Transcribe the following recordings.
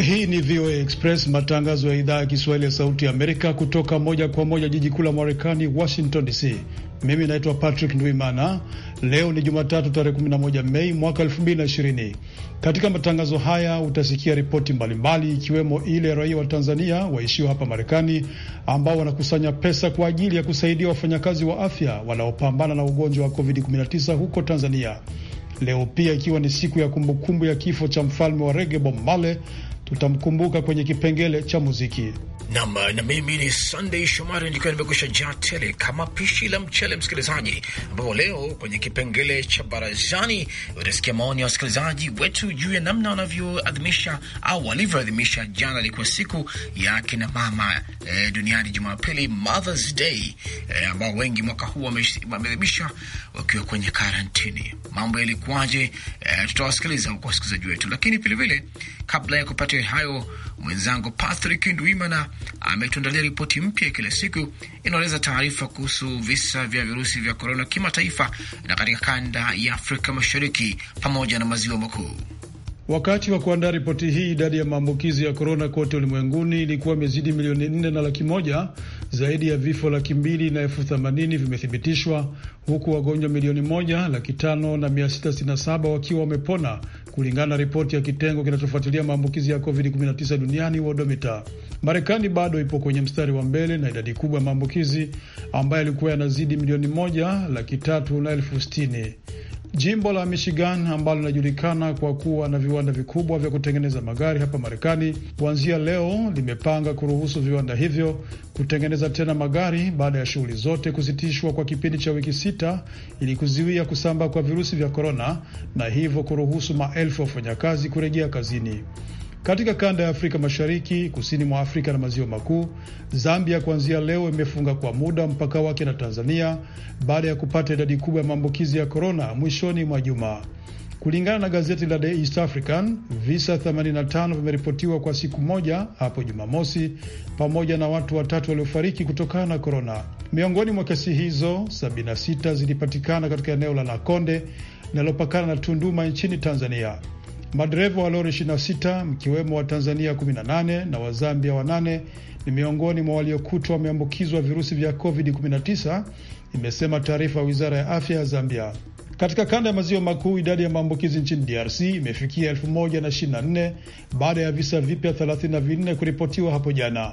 Hii ni VOA Express, matangazo ya idhaa ya Kiswahili ya Sauti ya Amerika, kutoka moja kwa moja jiji kuu la Marekani, Washington DC. Mimi naitwa Patrick Ndwimana. Leo ni Jumatatu, tarehe 11 Mei mwaka 2020. Katika matangazo haya utasikia ripoti mbalimbali, ikiwemo ile raia wa Tanzania waishio hapa Marekani ambao wanakusanya pesa kwa ajili ya kusaidia wafanyakazi wa afya wanaopambana na ugonjwa wa COVID-19 huko Tanzania. Leo pia ikiwa ni siku ya kumbukumbu ya kifo cha mfalme wa rege Bob Marley tutamkumbuka kwenye kipengele cha muziki. Nam na mimi ni Sunday Shomari nikiwa nimekusha jaa tele kama pishi la mchele, msikilizaji, ambapo leo kwenye kipengele cha barazani utasikia maoni ya wasikilizaji wetu juu ya namna wanavyoadhimisha au walivyoadhimisha. Jana ilikuwa siku ya kina mama e, duniani, Jumapili, Mothers Day e, ambao wengi mwaka huu wameadhimisha wakiwa kwenye karantini. Mambo yalikuwaje? Eh, tutawasikiliza huko wasikilizaji wetu, lakini vilevile kabla ya kupata yote hayo, mwenzangu Patrick Ndwimana ametuandalia ripoti mpya kila siku inaeleza taarifa kuhusu visa vya virusi vya korona kimataifa na katika kanda ya Afrika Mashariki pamoja na maziwa makuu. Wakati wa kuandaa ripoti hii, idadi ya maambukizi ya korona kote ulimwenguni ilikuwa imezidi milioni nne na laki moja. Zaidi ya vifo laki mbili na elfu themanini vimethibitishwa huku wagonjwa milioni moja laki tano na mia sita sitini na saba wakiwa wamepona kulingana na ripoti ya kitengo kinachofuatilia maambukizi ya COVID-19 duniani Wodomita. Marekani bado ipo kwenye mstari wa mbele na idadi kubwa ya maambukizi ambayo yalikuwa yanazidi milioni moja laki tatu na elfu sitini. Jimbo la Michigan ambalo linajulikana kwa kuwa na viwanda vikubwa vya kutengeneza magari hapa Marekani, kuanzia leo limepanga kuruhusu viwanda hivyo kutengeneza tena magari baada ya shughuli zote kusitishwa kwa kipindi cha wiki sita ili kuzuia kusambaa kwa virusi vya korona na hivyo kuruhusu maelfu ya wafanyakazi kurejea kazini. Katika kanda ya Afrika Mashariki, kusini mwa Afrika na maziwa makuu, Zambia kuanzia leo imefunga kwa muda mpaka wake na Tanzania baada ya kupata idadi kubwa ya maambukizi ya korona mwishoni mwa juma. Kulingana na gazeti la The East African, visa 85 vimeripotiwa kwa siku moja hapo Jumamosi, pamoja na watu watatu waliofariki kutokana na korona. Miongoni mwa kesi hizo 76 zilipatikana katika eneo la Nakonde linalopakana na Tunduma nchini Tanzania. Madereva wa lori 26 mkiwemo wa Tanzania 18 na Wazambia wanane ni miongoni mwa waliokutwa wameambukizwa virusi vya COVID-19, imesema taarifa ya wizara ya afya ya Zambia. Katika kanda ya maziwa makuu idadi ya maambukizi nchini DRC imefikia 1024 baada ya visa vipya 34 kuripotiwa hapo jana.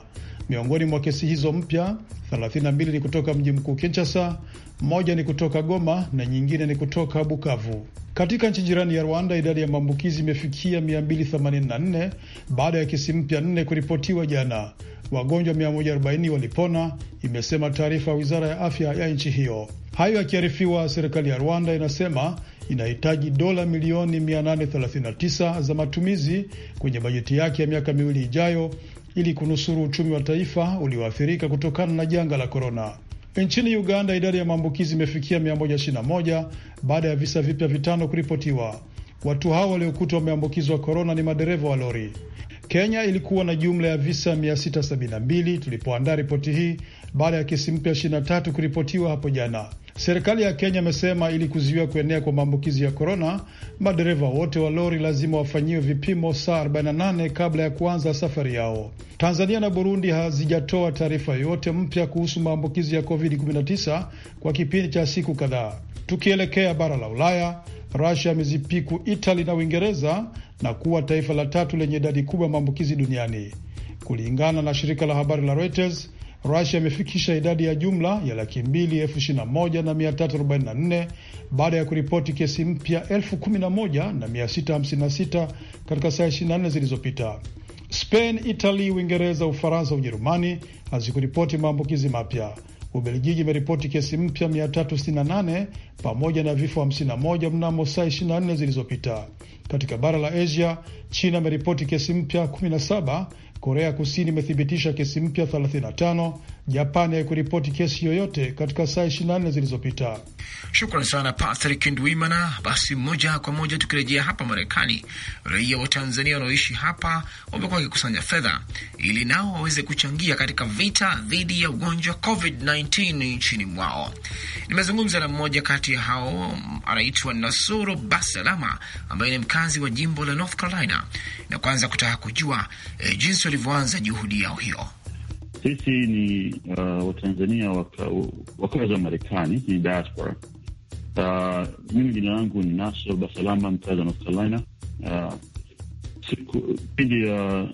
Miongoni mwa kesi hizo mpya 32 ni kutoka mji mkuu Kinshasa, moja ni kutoka Goma na nyingine ni kutoka Bukavu. Katika nchi jirani ya Rwanda, idadi ya maambukizi imefikia 284 baada ya kesi mpya nne kuripotiwa jana. Wagonjwa 140 walipona, imesema taarifa ya wizara ya afya ya nchi hiyo. Hayo yakiarifiwa, serikali ya Rwanda inasema inahitaji dola milioni 839 za matumizi kwenye bajeti yake ya miaka miwili ijayo ili kunusuru uchumi wa taifa ulioathirika kutokana na janga la korona. Nchini Uganda, idadi ya maambukizi imefikia 121 baada ya visa vipya vitano kuripotiwa. Watu hao waliokutwa wameambukizwa korona ni madereva wa lori. Kenya ilikuwa na jumla ya visa 672 tulipoandaa ripoti hii, baada ya kesi mpya tatu kuripotiwa hapo jana. Serikali ya Kenya imesema ili kuzuia kuenea kwa maambukizi ya korona, madereva wote wa lori lazima wafanyiwe vipimo saa 48 kabla ya kuanza safari yao. Tanzania na Burundi hazijatoa taarifa yoyote mpya kuhusu maambukizi ya COVID-19 kwa kipindi cha siku kadhaa. Tukielekea bara la Ulaya, Rusia amezipiku Itali na Uingereza na kuwa taifa la tatu lenye idadi kubwa ya maambukizi duniani kulingana na shirika la habari la Reuters. Rusia imefikisha idadi ya jumla ya laki mbili elfu ishirini na moja na mia tatu arobaini na nne baada ya kuripoti kesi mpya elfu kumi na moja na mia sita hamsini na sita katika saa 24 zilizopita. Spain, Italy, Uingereza, Ufaransa, Ujerumani hazikuripoti maambukizi mapya. Ubelgiji imeripoti kesi mpya 368 pamoja na vifo 51 mnamo saa 24 zilizopita. Katika bara la Asia, China imeripoti kesi mpya 17 Korea Kusini imethibitisha kesi mpya 35 Japani haikuripoti kesi yoyote katika saa 24 zilizopita. Shukran sana Patrick Ndwimana. Basi moja kwa moja tukirejea hapa Marekani, raia wa Tanzania wanaoishi hapa wamekuwa wakikusanya fedha ili nao waweze kuchangia katika vita dhidi ya ugonjwa COVID-19 nchini mwao. Nimezungumza na mmoja kati ya hao, anaitwa Nasuru Basalama ambaye ni mkazi wa jimbo la North Carolina, na kwanza kutaka kujua eh, jinsi walivyoanza juhudi yao hiyo. Sisi ni uh, Watanzania wakazi wa Marekani, ni diaspora. Uh, mimi jina langu ni Nasr Basalama, mkazi wa North Carolina. Uh, ya uh,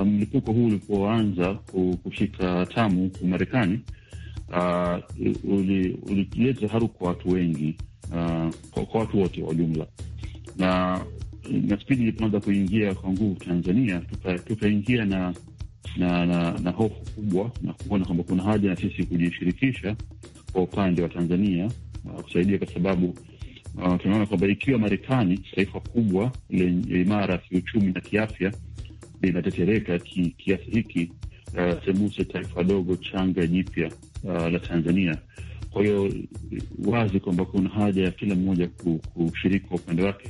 uh, mlipuko huu ulipoanza kushika tamu huku Marekani uh, ulileta haru kwa watu wengi uh, kwa, kwa watu wote wa jumla, na na spidi ilipoanza kuingia kwa nguvu Tanzania, tukaingia tuka na na na, na hofu kubwa na kuona kwamba kuna haja na sisi kujishirikisha kwa upande wa Tanzania uh, kusaidia kwa sababu Uh, tunaona kwamba ikiwa Marekani taifa kubwa lenye imara kiuchumi na kiafya linatetereka ki, kiasi hiki uh, sembuse taifa dogo changa jipya uh, la Tanzania. Kwa hiyo wazi kwamba kuna haja ya kila mmoja kushiriki kwa upande wake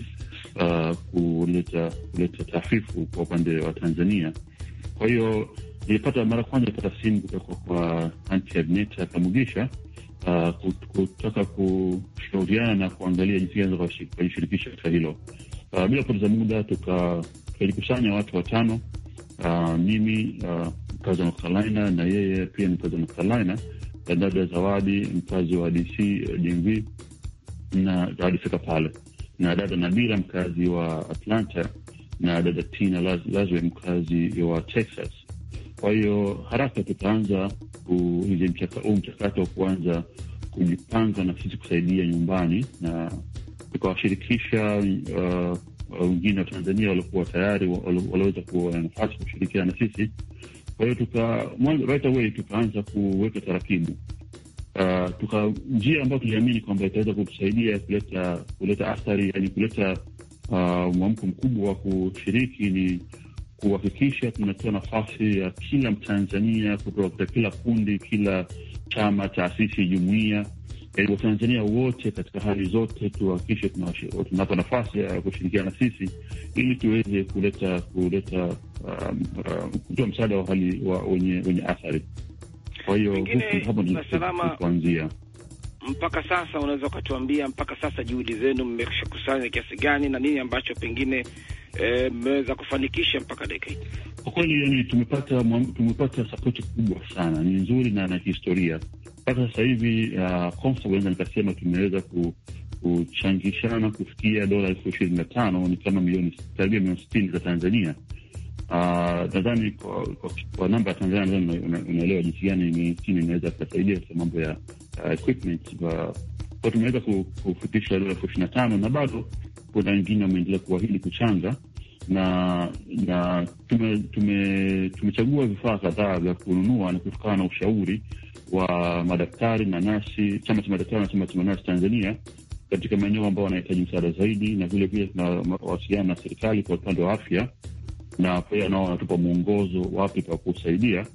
uh, kuleta kuleta taafifu kwa upande wa Tanzania kwa hiyo nilipata mara kwanza, nilipata simu kutoka kwa anti Agneta Kamugisha uh, kutaka kushauriana na kuangalia jinsi gani kujishirikisha katika hilo. Uh, bila kupoteza muda tukajikusanya watu watano, uh, mimi uh, mkazi wa North Carolina na yeye pia ni mkazi wa North Carolina, dada Zawadi mkazi wa DC DMV na Zawadi fika pale na dada Nabila mkazi wa Atlanta na dada Tina Lazwe, mkazi wa Texas. Kwa hiyo haraka tutaanza huu mchakato wa kuanza kujipanga na sisi kusaidia nyumbani, na tukawashirikisha uh, wengine uh, wa Tanzania waliokuwa tayari waliweza kuwa na nafasi kushirikiana na sisi. Kwa hiyo tuka right away tukaanza kuweka taratibu uh, tuka njia ambayo tuliamini kwamba itaweza kutusaidia kuleta kuleta athari, yani kuleta Ah, mwamko uh, mkubwa wa kushiriki ni kuhakikisha tunatoa nafasi ya kila Mtanzania kutoka kila kundi, kila chama, taasisi, jumuia ili eh, Watanzania wote katika hali zote tuhakikishe tunapa nafasi ya kushirikiana na sisi ili tuweze kuleta kuleta um, um, kutoa msaada wa hali wenye athari. Kwa hiyo hapo ndio kuanzia mpaka sasa unaweza ukatuambia mpaka sasa juhudi zenu mmesha kusanya kiasi gani na nini ambacho pengine eh, mmeweza e, kufanikisha mpaka dakika hii? Kwa kweli tumepata tumepata sapoti kubwa sana, ni nzuri na na kihistoria. Mpaka sasa hivi uh, nikasema tumeweza ku kuchangishana kufikia dola elfu ishirini na tano ni kama milioni karibia milioni sitini za Tanzania Ah, nadhani kwa, kwa, kwa namba ya Tanzania nadhani unaelewa jinsi gani ni chini inaweza kuwasaidia mambo ya uh, equipment kwa tumeweza kufutisha dola elfu ishirini na tano na bado kuna wengine wameendelea kuahidi kuchanga na na tume- tumechagua vifaa kadhaa vya kununua na kutokana na ushauri wa madaktari na nasi, chama cha madaktari na chama cha manasi Tanzania katika maeneo ambao wanahitaji msaada zaidi, na vile vile tunawasiliana na serikali kwa upande wa afya na pia nao wanatupa mwongozo wapi pa kusaidia.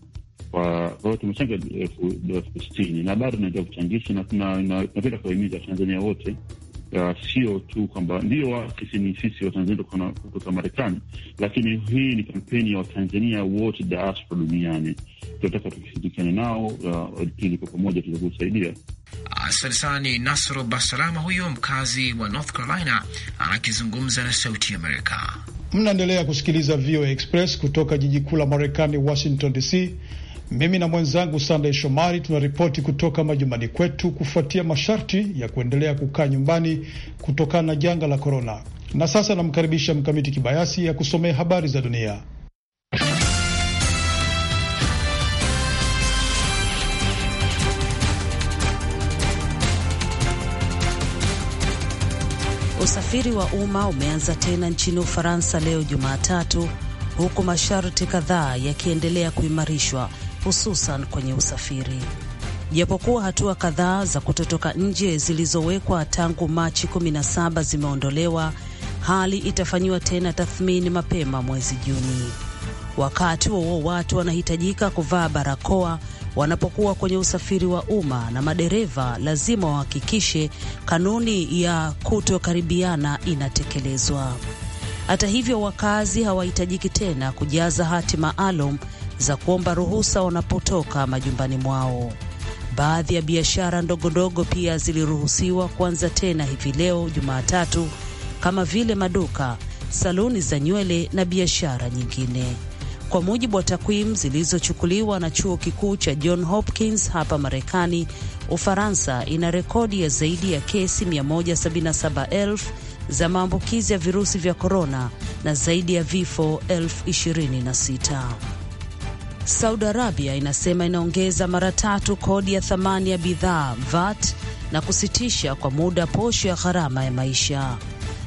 Kwa hiyo tumechanga elfu sitini na bado tunaendelea kuchangisha, na napenda kuwahimiza Watanzania wote, sio tu kwamba ndio sisi ni sisi Watanzania kutoka Marekani, lakini hii ni kampeni ya Watanzania wote diaspora duniani. Tunataka tukishirikiana nao ili kwa pamoja tuweze kusaidia. Asante sana. Ni Nasro Basalama huyo mkazi wa North Carolina akizungumza na Sauti Amerika. Mnaendelea kusikiliza VOA Express kutoka jiji kuu la Marekani, Washington DC. Mimi na mwenzangu Sandey Shomari tunaripoti kutoka majumbani kwetu kufuatia masharti ya kuendelea kukaa nyumbani kutokana na janga la korona. Na sasa namkaribisha Mkamiti Kibayasi ya kusomea habari za dunia. Usafiri wa umma umeanza tena nchini Ufaransa leo Jumatatu, huku masharti kadhaa yakiendelea kuimarishwa hususan kwenye usafiri. Japokuwa hatua kadhaa za kutotoka nje zilizowekwa tangu Machi 17 zimeondolewa, hali itafanyiwa tena tathmini mapema mwezi Juni. Wakati wauo watu wanahitajika kuvaa barakoa wanapokuwa kwenye usafiri wa umma, na madereva lazima wahakikishe kanuni ya kutokaribiana inatekelezwa. Hata hivyo, wakazi hawahitajiki tena kujaza hati maalum za kuomba ruhusa wanapotoka majumbani mwao. Baadhi ya biashara ndogondogo pia ziliruhusiwa kuanza tena hivi leo Jumatatu, kama vile maduka, saluni za nywele na biashara nyingine kwa mujibu wa takwimu zilizochukuliwa na chuo kikuu cha John Hopkins hapa Marekani. Ufaransa ina rekodi ya zaidi ya kesi 177,000 za maambukizi ya virusi vya korona na zaidi ya vifo 26,000. Saudi Arabia inasema inaongeza mara tatu kodi ya thamani ya bidhaa VAT na kusitisha kwa muda posho ya gharama ya maisha.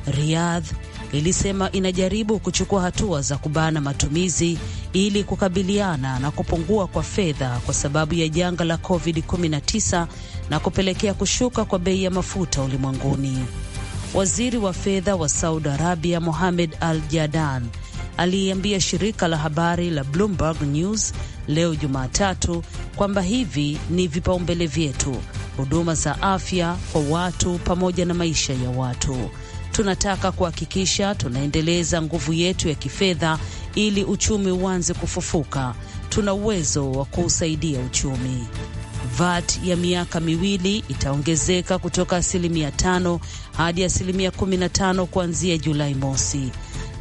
Riyadh ilisema inajaribu kuchukua hatua za kubana matumizi ili kukabiliana na kupungua kwa fedha kwa sababu ya janga la COVID-19 na kupelekea kushuka kwa bei ya mafuta ulimwenguni. Waziri wa fedha wa Saudi Arabia Mohamed Al Jadan aliambia shirika la habari la Bloomberg News leo Jumatatu kwamba hivi ni vipaumbele vyetu: huduma za afya kwa watu pamoja na maisha ya watu tunataka kuhakikisha tunaendeleza nguvu yetu ya kifedha ili uchumi uanze kufufuka. Tuna uwezo wa kuusaidia uchumi. VAT ya miaka miwili itaongezeka kutoka asilimia tano hadi asilimia kumi na tano kuanzia Julai mosi.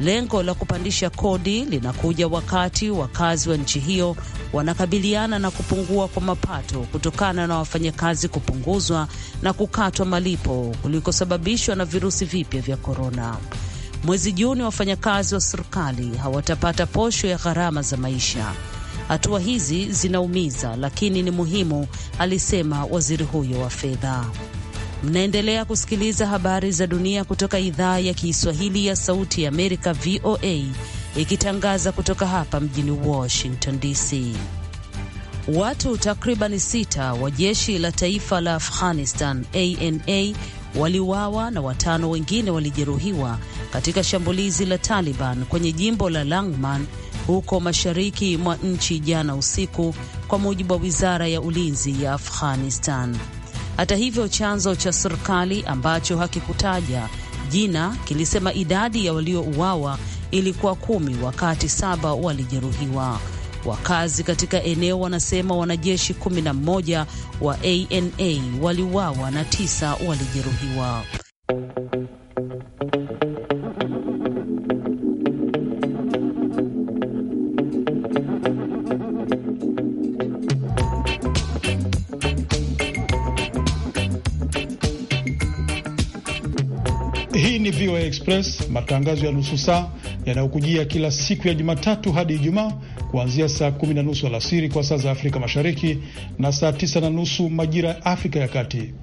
Lengo la kupandisha kodi linakuja wakati wakazi wa nchi hiyo wanakabiliana na kupungua kwa mapato kutokana na wafanyakazi kupunguzwa na kukatwa malipo kulikosababishwa na virusi vipya vya korona. Mwezi Juni, wafanyakazi wa serikali hawatapata posho ya gharama za maisha. Hatua hizi zinaumiza, lakini ni muhimu, alisema waziri huyo wa fedha. Mnaendelea kusikiliza habari za dunia kutoka idhaa ya Kiswahili ya Sauti ya Amerika, VOA, ikitangaza kutoka hapa mjini Washington DC. Watu takribani sita wa jeshi la taifa la Afghanistan ana waliuawa na watano wengine walijeruhiwa katika shambulizi la Taliban kwenye jimbo la Langman huko mashariki mwa nchi jana usiku, kwa mujibu wa wizara ya ulinzi ya Afghanistan. Hata hivyo, chanzo cha serikali ambacho hakikutaja jina kilisema idadi ya waliouawa ilikuwa kumi wakati saba walijeruhiwa. Wakazi katika eneo wanasema wanajeshi 11 wa ANA waliuawa na tisa walijeruhiwa. Express, matangazo ya nusu saa yanayokujia kila siku ya Jumatatu hadi Ijumaa kuanzia saa kumi na nusu alasiri kwa saa za Afrika Mashariki na saa tisa na nusu majira ya Afrika ya Kati.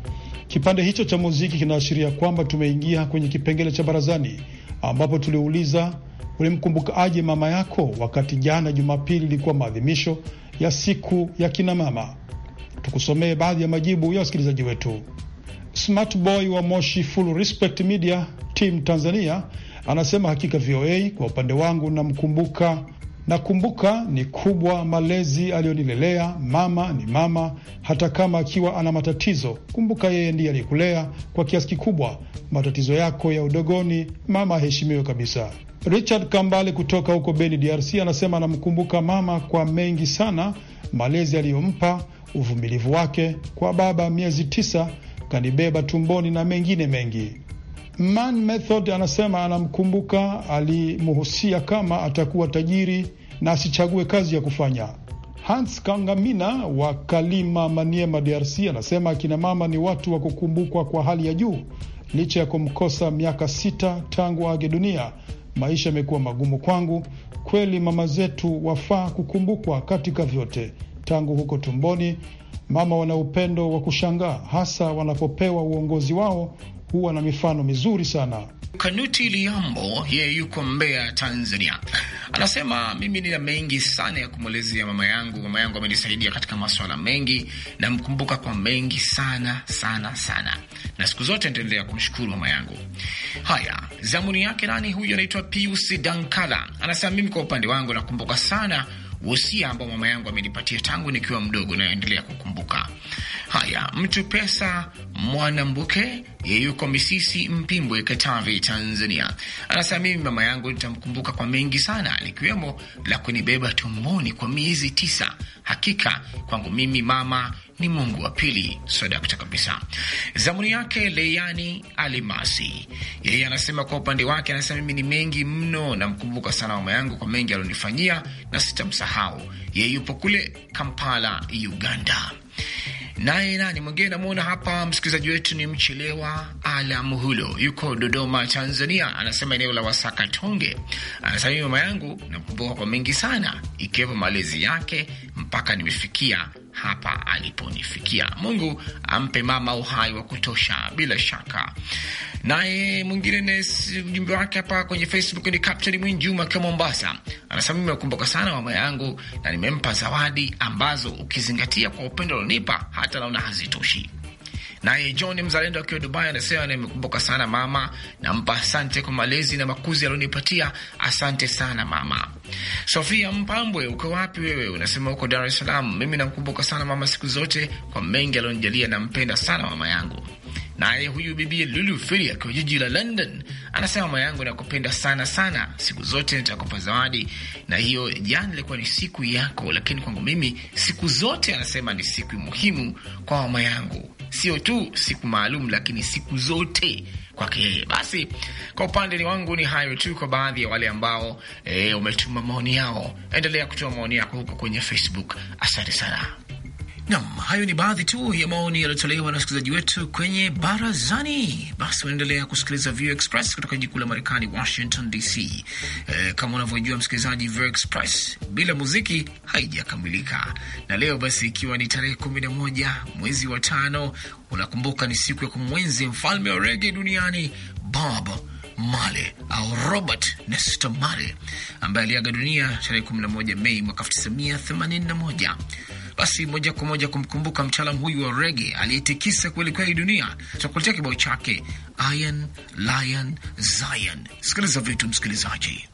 Kipande hicho cha muziki kinaashiria kwamba tumeingia kwenye kipengele cha barazani, ambapo tuliuliza ulimkumbuka aje mama yako, wakati jana Jumapili ilikuwa maadhimisho ya siku ya kinamama. Tukusomee baadhi ya majibu ya wasikilizaji wetu. Smart boy wa Moshi Full Respect Media Team Tanzania anasema hakika VOA. Kwa upande wangu namkumbuka nakumbuka ni kubwa malezi aliyonilelea. Mama ni mama, hata kama akiwa ana matatizo. Kumbuka yeye ndiye aliyekulea kwa kiasi kikubwa. Matatizo yako ya udogoni, mama aheshimiwe kabisa. Richard Kambale kutoka huko Beni, DRC, anasema anamkumbuka mama kwa mengi sana, malezi aliyompa, uvumilivu wake kwa baba, miezi tisa kanibeba tumboni na mengine mengi. Man Method anasema anamkumbuka, alimhusia kama atakuwa tajiri na asichague kazi ya kufanya. Hans Kangamina wa Kalima, Maniema, DRC anasema akina mama ni watu wa kukumbukwa kwa hali ya juu. Licha ya kumkosa miaka sita tangu aage dunia, maisha yamekuwa magumu kwangu. Kweli mama zetu wafaa kukumbukwa katika vyote, tangu huko tumboni. Mama wana upendo wa kushangaa, hasa wanapopewa uongozi wao huwa na mifano mizuri sana. Kanuti Liambo yeye yuko Mbeya, Tanzania, anasema mimi nina mengi sana ya kumwelezea ya mama yangu. Mama yangu amenisaidia katika maswala mengi, namkumbuka kwa mengi sana sana sana, na siku zote nitaendelea kumshukuru mama yangu. Haya, zamuni yake nani huyu? Anaitwa Pius Dankala, anasema mimi kwa upande wangu nakumbuka sana wosia ambao mama yangu amenipatia tangu nikiwa mdogo, naendelea kukumbuka haya. Mtu pesa Mwanambuke yeyuko Misisi Mpimbwe, Katavi, Tanzania, anasema mimi mama yangu nitamkumbuka kwa mengi sana, likiwemo la kunibeba tumboni kwa miezi tisa. Hakika kwangu mimi mama ni Mungu wa pili, sadakta kabisa. Zamuni yake Leyani Alimasi, yeye anasema kwa upande wake, anasema mimi ni mengi mno, namkumbuka sana mama yangu kwa mengi alionifanyia na sitamsahau. Yeye yupo kule Kampala, Uganda. Naye nani mwingine namwona hapa, msikilizaji wetu ni Mchelewa Ala Muhulo, yuko Dodoma, Tanzania. Anasema eneo la Wasaka Tonge. anasema mama yangu nakumbuka kwa mengi sana, ikiwepo malezi yake mpaka nimefikia hapa aliponifikia. Mungu ampe mama uhai wa kutosha, bila shaka. Naye mwingine ne ujumbe wake hapa kwenye Facebook ni Captain Mwinjuma akiwa Mombasa, anasema mimi nakumbuka sana mama yangu na nimempa zawadi ambazo ukizingatia kwa upendo alonipa hata naona hazitoshi. Naye John mzalendo akiwa Dubai anasema nimekumbuka sana mama, nampa asante kwa malezi na makuzi alionipatia. Asante sana mama. Sofia Mpambwe, uko wapi wewe? Unasema uko Dar es Salaam. Mimi namkumbuka sana mama siku zote kwa mengi alionijalia, nampenda sana mama yangu. Naye huyu bibi Lulu Filiak akiwa jiji la London anasema mama yangu nakupenda sana sana, siku zote nitakupa zawadi, na hiyo jana ilikuwa ni siku yako, lakini kwangu mimi siku zote, anasema ni siku muhimu kwa mama yangu, sio tu siku maalum, lakini siku zote kwake yeye. Basi kwa upande wangu ni hayo tu, kwa baadhi ya wale ambao eh, umetuma maoni yao. Endelea kutoa maoni yako huko kwenye Facebook. Asante sana. Nam, hayo ni baadhi tu ya maoni yaliyotolewa na wasikilizaji wetu kwenye barazani. Basi unaendelea kusikiliza VOA Express kutoka jiji kuu la Marekani, Washington DC. E, eh, kama unavyojua msikilizaji, VOA Express bila muziki haijakamilika. Na leo basi, ikiwa ni tarehe kumi na moja mwezi wa tano, unakumbuka ni siku ya kumwenzi mfalme wa rege duniani Bob Male au Robert Nesta Male ambaye aliaga dunia tarehe 11 Mei mwaka 1981. Basi moja kwa moja kumkumbuka mtaalam huyu wa rege aliyetikisa kwelikweli dunia, tutakuletea kibao chake Iron Lion Zion. Sikiliza vitu msikilizaji.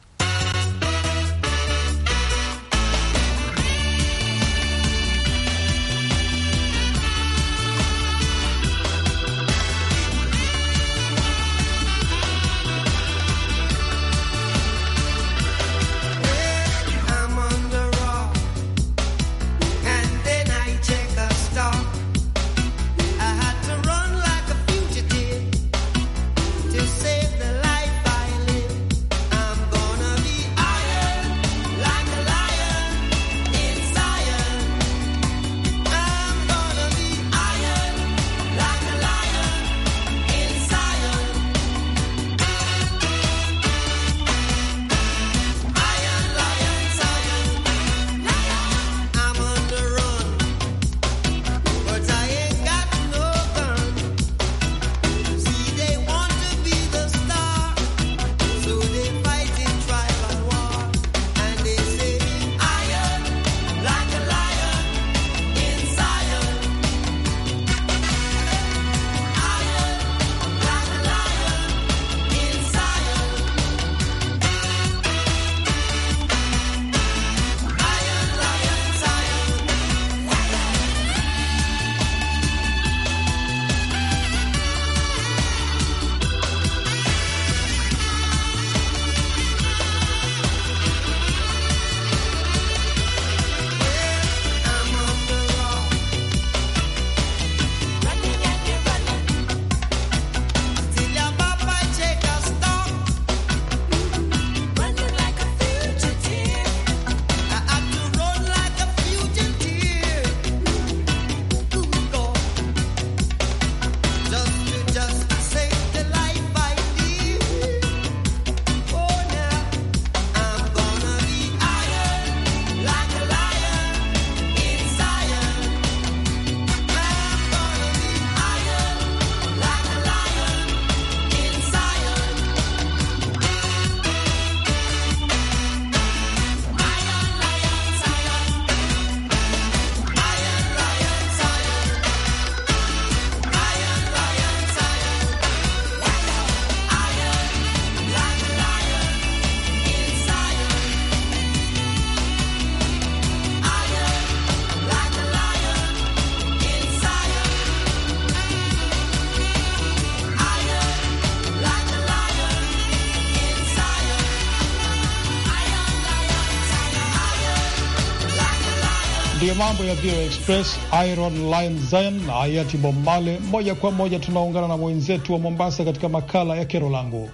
mambo ya VOA Express, Iron Lion Zion na Hayati Bombale. Moja kwa moja tunaungana na mwenzetu wa Mombasa katika makala ya kero langu.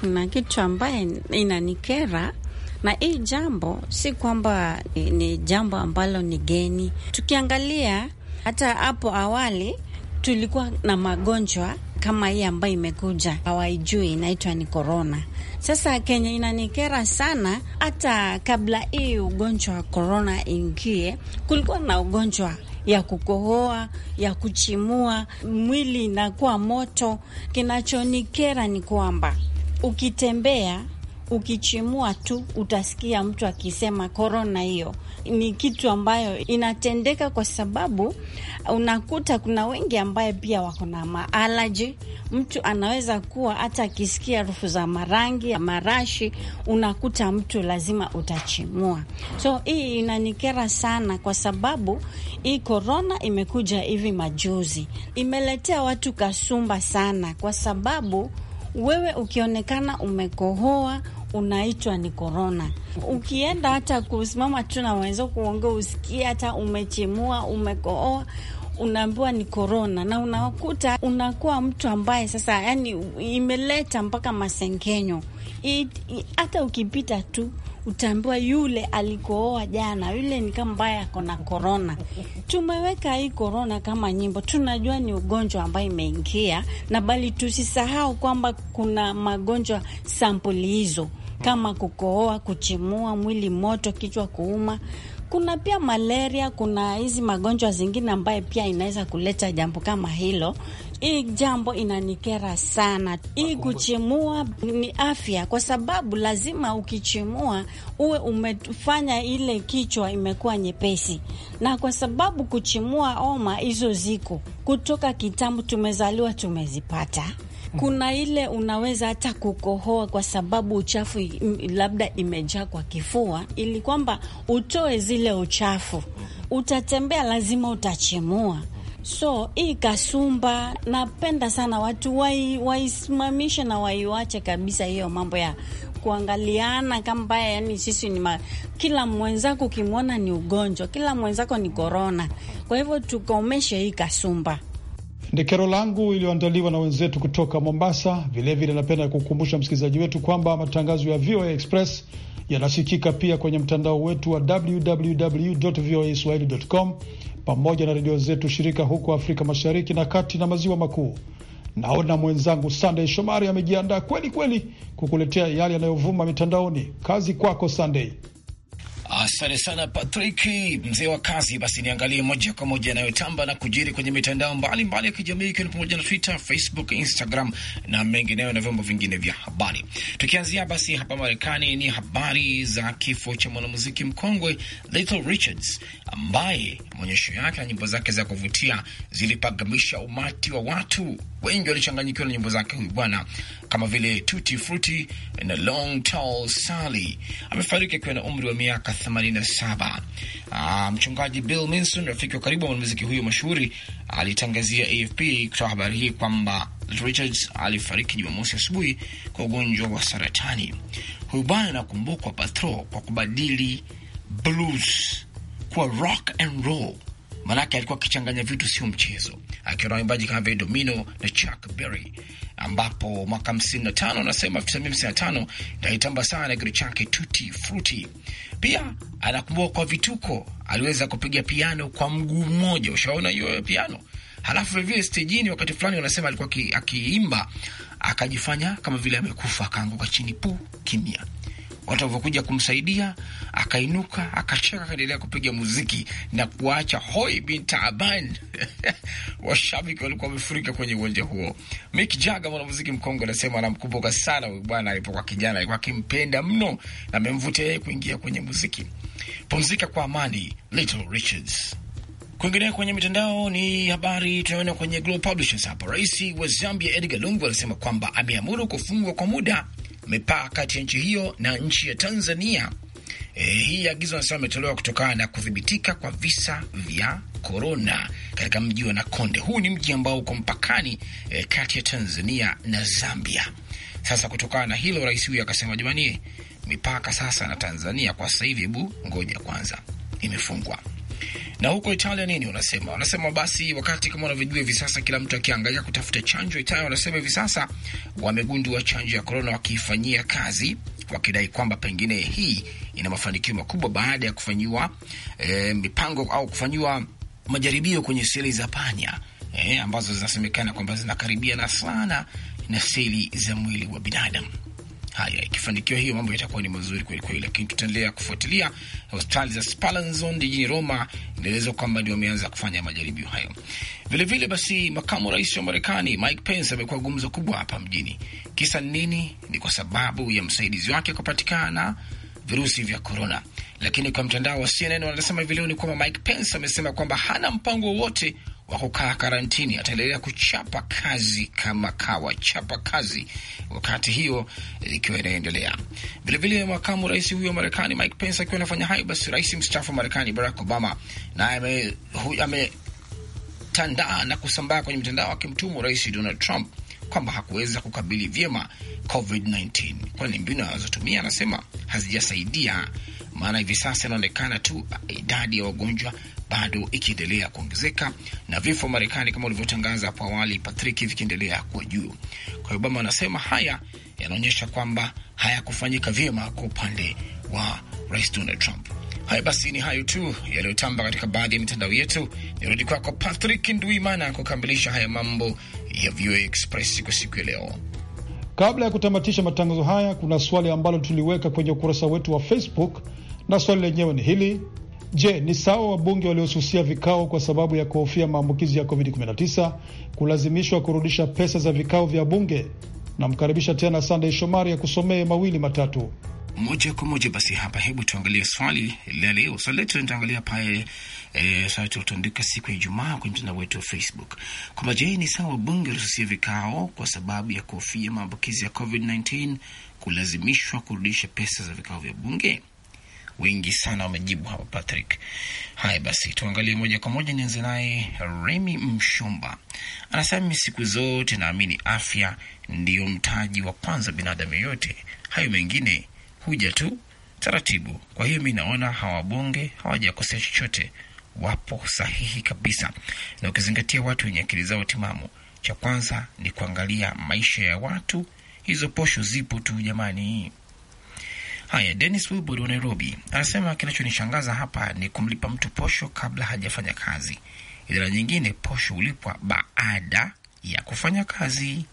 Kuna kitu ambaye inanikera na hii jambo si kwamba ni jambo ambalo ni geni. Tukiangalia hata hapo awali tulikuwa na magonjwa kama hii ambayo imekuja, hawaijui inaitwa ni korona. Sasa Kenya inanikera sana, hata kabla hii ugonjwa wa korona ingie, kulikuwa na ugonjwa ya kukohoa, ya kuchimua, mwili inakuwa moto. Kinachonikera ni kwamba ukitembea ukichimua tu utasikia mtu akisema korona. Hiyo ni kitu ambayo inatendeka, kwa sababu unakuta kuna wengi ambaye pia wako na maalaji. Mtu anaweza kuwa hata akisikia harufu za marangi ya marashi, unakuta mtu lazima utachimua. So hii inanikera sana, kwa sababu hii korona imekuja hivi majuzi, imeletea watu kasumba sana, kwa sababu wewe ukionekana umekohoa unaitwa ni korona. Ukienda hata kusimama tu na waweza kuongea, usikie hata umechemua, umekooa unaambiwa ni korona, na unakuta unakuwa mtu ambaye sasa, yani imeleta mpaka masengenyo hata ukipita tu utambua yule alikooa jana, yule ni kama mbaye ako na korona. Tumeweka hii korona kama nyimbo, tunajua ni ugonjwa ambayo imeingia, na bali tusisahau kwamba kuna magonjwa sampuli hizo kama kukooa kuchimua, mwili moto, kichwa kuuma. Kuna pia malaria, kuna hizi magonjwa zingine ambaye pia inaweza kuleta jambo kama hilo, hii jambo inanikera sana. Hii kuchimua ni afya, kwa sababu lazima ukichimua uwe umefanya ile kichwa imekuwa nyepesi, na kwa sababu kuchimua homa hizo ziko kutoka kitambo, tumezaliwa tumezipata kuna ile unaweza hata kukohoa kwa sababu uchafu labda imejaa kwa kifua, ili kwamba utoe zile uchafu, utatembea lazima utachimua. So hii kasumba napenda sana watu waisimamishe wai na waiwache kabisa, hiyo mambo ya kuangaliana kama yani sisi ni ma, kila mwenzako ukimwona ni ugonjwa, kila mwenzako ni korona. Kwa hivyo tukomeshe hii kasumba. Ni kero langu iliyoandaliwa na wenzetu kutoka Mombasa. Vilevile napenda kukumbusha msikilizaji wetu kwamba matangazo ya VOA Express yanasikika pia kwenye mtandao wetu wa www voa www.voaswahili.com pamoja na redio zetu shirika huko Afrika Mashariki na kati na maziwa makuu. Naona mwenzangu Sandey Shomari amejiandaa kweli kweli kukuletea yale yanayovuma mitandaoni. Kazi kwako Sandey. Asante sana Patrick, mzee wa kazi. Basi niangalie moja kwa moja yanayotamba na kujiri kwenye mitandao mbalimbali ya kijamii, ikiwa ni pamoja na Twitter, Facebook, Instagram na mengineyo na vyombo vingine vya habari. Tukianzia basi hapa Marekani, ni habari za kifo cha mwanamuziki mkongwe Little Richards ambaye maonyesho yake na nyimbo zake za kuvutia zilipagamisha umati wa watu wengi, walichanganyikiwa na nyimbo zake huyu bwana kama vile Tutti Frutti na Long Tall Sally. Amefariki akiwa na umri wa miaka 87. Ah, mchungaji Bill Minson, rafiki wa karibu wa mwanamuziki huyo mashuhuri, alitangazia AFP kutoa habari hii kwamba Richards alifariki Jumamosi asubuhi kwa ugonjwa wa saratani. Huyu bwana anakumbukwa Patro kwa kubadili blues kuwa rock and roll Manake alikuwa akichanganya vitu, sio mchezo, akiwa na waimbaji kama vile Domino na Chuck Berry, ambapo mwaka 55 anasema 1955 naitamba sana na kitu chake Tutti Frutti. Pia anakumbuka kwa vituko, aliweza kupiga piano kwa mguu mmoja. Ushaona hiyo piano? Halafu vilevile stejini, wakati fulani wanasema alikuwa akiimba akajifanya kama vile amekufa, akaanguka chini pu kimya watu watavyokuja kumsaidia, akainuka, akacheka, akaendelea kupiga muziki na kuacha hoi bin taaban. Washabiki walikuwa wamefurika kwenye uwanja huo. Mick Jagger, mwanamuziki mkongwe, anasema anamkumbuka sana huyu bwana, alipokuwa kijana alikuwa akimpenda mno na amemvuta yeye kuingia kwenye muziki. Pumzika kwa amani, Little Richards. Kwinginea kwenye mitandao ni habari tunaona kwenye Global Publishers hapa. Rais wa Zambia Edgar Lungu alisema kwamba ameamuru kufungwa kwa muda mipaka kati ya nchi hiyo na nchi ya Tanzania. E, hii agizo anasema imetolewa kutokana na kuthibitika kwa visa vya korona katika mji wa Nakonde. Huu ni mji ambao uko mpakani e, kati ya Tanzania na Zambia. Sasa kutokana na hilo, rais huyo akasema, jamani, mipaka sasa na Tanzania kwa sasa hivi, hebu ngoja kwanza imefungwa. Na huko Italia nini wanasema? Wanasema basi, wakati kama wanavyojua hivi sasa kila mtu akiangalia kutafuta chanjo, Italia wanasema hivi sasa wamegundua chanjo ya korona, wakiifanyia kazi, wakidai kwamba pengine hii ina mafanikio makubwa baada ya kufanyiwa e, mipango au kufanyiwa majaribio kwenye seli za panya e, ambazo zinasemekana kwamba zinakaribiana sana na seli za mwili wa binadamu. Haya, ikifanikiwa hiyo mambo yatakuwa ni mazuri kweli kweli, lakini tutaendelea kufuatilia. Hospitali za Spallanzon jijini Roma inaelezwa kwamba ndio wameanza kufanya majaribio hayo. Vilevile basi, makamu rais wa Marekani Mike Pence amekuwa gumzo kubwa hapa mjini. Kisa ni nini? Ni kwa sababu ya msaidizi wake kupatikana virusi vya korona. Lakini kwa mtandao wa CNN wanasema hivi leo ni kwamba Mike Pence amesema kwamba hana mpango wowote wa kukaa karantini, ataendelea kuchapa kazi kama kawa chapa kazi, wakati hiyo ikiwa inaendelea. Vilevile makamu rais huyo wa Marekani Mike Pence akiwa anafanya hayo, basi rais mstaafu wa Marekani Barack Obama naye ametandaa na kusambaa kwenye mtandao akimtumu rais Donald Trump kwamba hakuweza kukabili vyema COVID-19, kwani mbinu anazotumia anasema hazijasaidia, maana hivi sasa inaonekana tu idadi ya wagonjwa bado ikiendelea kuongezeka na vifo Marekani kama ulivyotangaza hapo awali Patrick, vikiendelea kuwa juu. Kwa hiyo Obama anasema haya yanaonyesha kwamba hayakufanyika vyema kwa upande wa Rais Donald Trump. Haya basi, ni hayo tu yaliyotamba katika baadhi ya mitandao yetu. Nirudi kwako Patrick Ndwimana kukamilisha haya mambo ya VOA Express kwa siku ya leo. Kabla ya kutamatisha matangazo haya, kuna swali ambalo tuliweka kwenye ukurasa wetu wa Facebook na swali lenyewe ni hili: Je, ni sawa wabunge waliosusia vikao kwa sababu ya kuhofia maambukizi ya COVID-19 kulazimishwa kurudisha pesa za vikao vya bunge? Namkaribisha tena Sandey Shomari ya kusomee mawili matatu moja kwa moja. Basi hapa, hebu tuangalie swali la leo. Swali letu tunaangalia pale e, swali tulotandika siku ya Ijumaa kwenye mtandao wetu wa Facebook kwamba je, ni sawa bunge lisusia vikao kwa sababu ya kuhofia maambukizi ya COVID-19 kulazimishwa kurudisha pesa za vikao vya bunge? Wengi sana wamejibu hapa Patrick. Haya basi, tuangalie moja kwa moja. Nianze naye Remi Mshumba anasema mimi siku zote naamini afya ndiyo mtaji wa kwanza binadamu yoyote, hayo mengine huja tu taratibu. Kwa hiyo mi naona hawa hawajakosea chochote, wapo sahihi kabisa, na ukizingatia watu wenye akili zao timamu, cha kwanza ni kuangalia maisha ya watu. Hizo posho zipo tu jamani. Haya, Dennis Wilbod wa Nairobi anasema kinachonishangaza hapa ni kumlipa mtu posho kabla hajafanya kazi. Idara nyingine posho hulipwa baada ya kufanya kazi.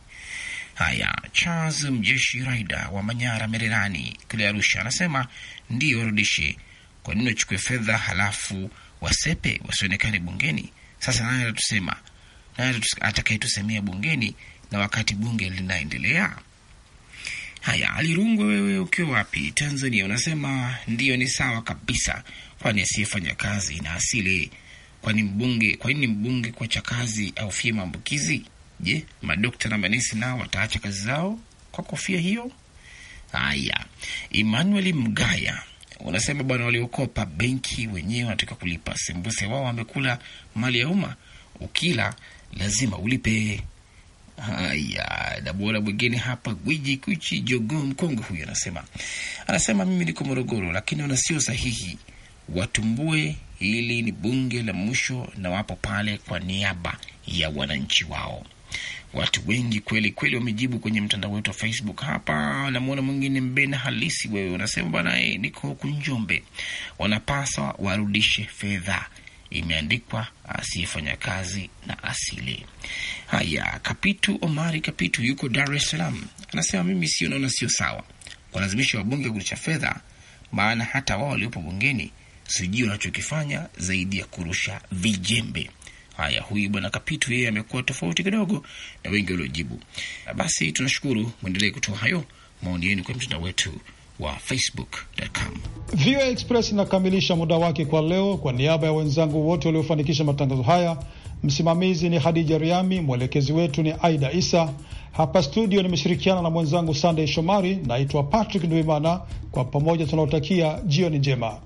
Haya, Charles Mjeshi Raida wa Manyara Mererani kule Arusha anasema ndiyo warudishe. Kwa nini wachukue fedha halafu wasepe wasionekane bungeni? Sasa nani atatusema? Nani atakayetusemea bungeni na wakati bunge linaendelea? Haya, Alirungwe, wewe ukiwa wapi Tanzania unasema ndiyo, ni sawa kabisa, kwani asiyefanya kazi na asili. Kwani mbunge, kwa mbunge kuacha kazi au fie maambukizi? Je, madokta na manesi nao wataacha kazi zao kwa kofia hiyo? Haya, Emmanuel Mgaya unasema bwana, waliokopa benki wenyewe wanataka kulipa sembuse, wao wamekula mali ya umma, ukila lazima ulipe. Haya, namuona mwingine hapa, gwiji kuchi jogo mkongo, huyu anasema anasema mimi niko Morogoro, lakini ona sio sahihi, watumbue. Hili ni bunge la mwisho na wapo pale kwa niaba ya wananchi wao. Watu wengi kweli kweli wamejibu kwenye mtandao wetu wa Facebook. Hapa namwona mwingine mbena halisi, wewe unasema bwana, e, niko huku Njombe, wanapaswa warudishe fedha, imeandikwa asiyefanya kazi na asili. Haya, Kapitu Omari Kapitu yuko Dar es Salaam, anasema mimi sio, naona sio sawa walazimisha wabunge kurusha fedha, maana hata wao waliopo bungeni sijui wanachokifanya zaidi ya kurusha vijembe. Haya, huyu bwana Kapitu yeye amekuwa tofauti kidogo na wengi waliojibu. Basi tunashukuru, mwendelee kutoa hayo maoni yenu kwenye mtandao wetu wa facebook.com. VOA Express inakamilisha muda wake kwa leo. Kwa niaba ya wenzangu wote waliofanikisha matangazo haya, msimamizi ni Hadija Riami, mwelekezi wetu ni Aida Isa. Hapa studio nimeshirikiana na mwenzangu Sandey Shomari. Naitwa Patrick Ndwimana. Kwa pamoja tunaotakia jioni njema.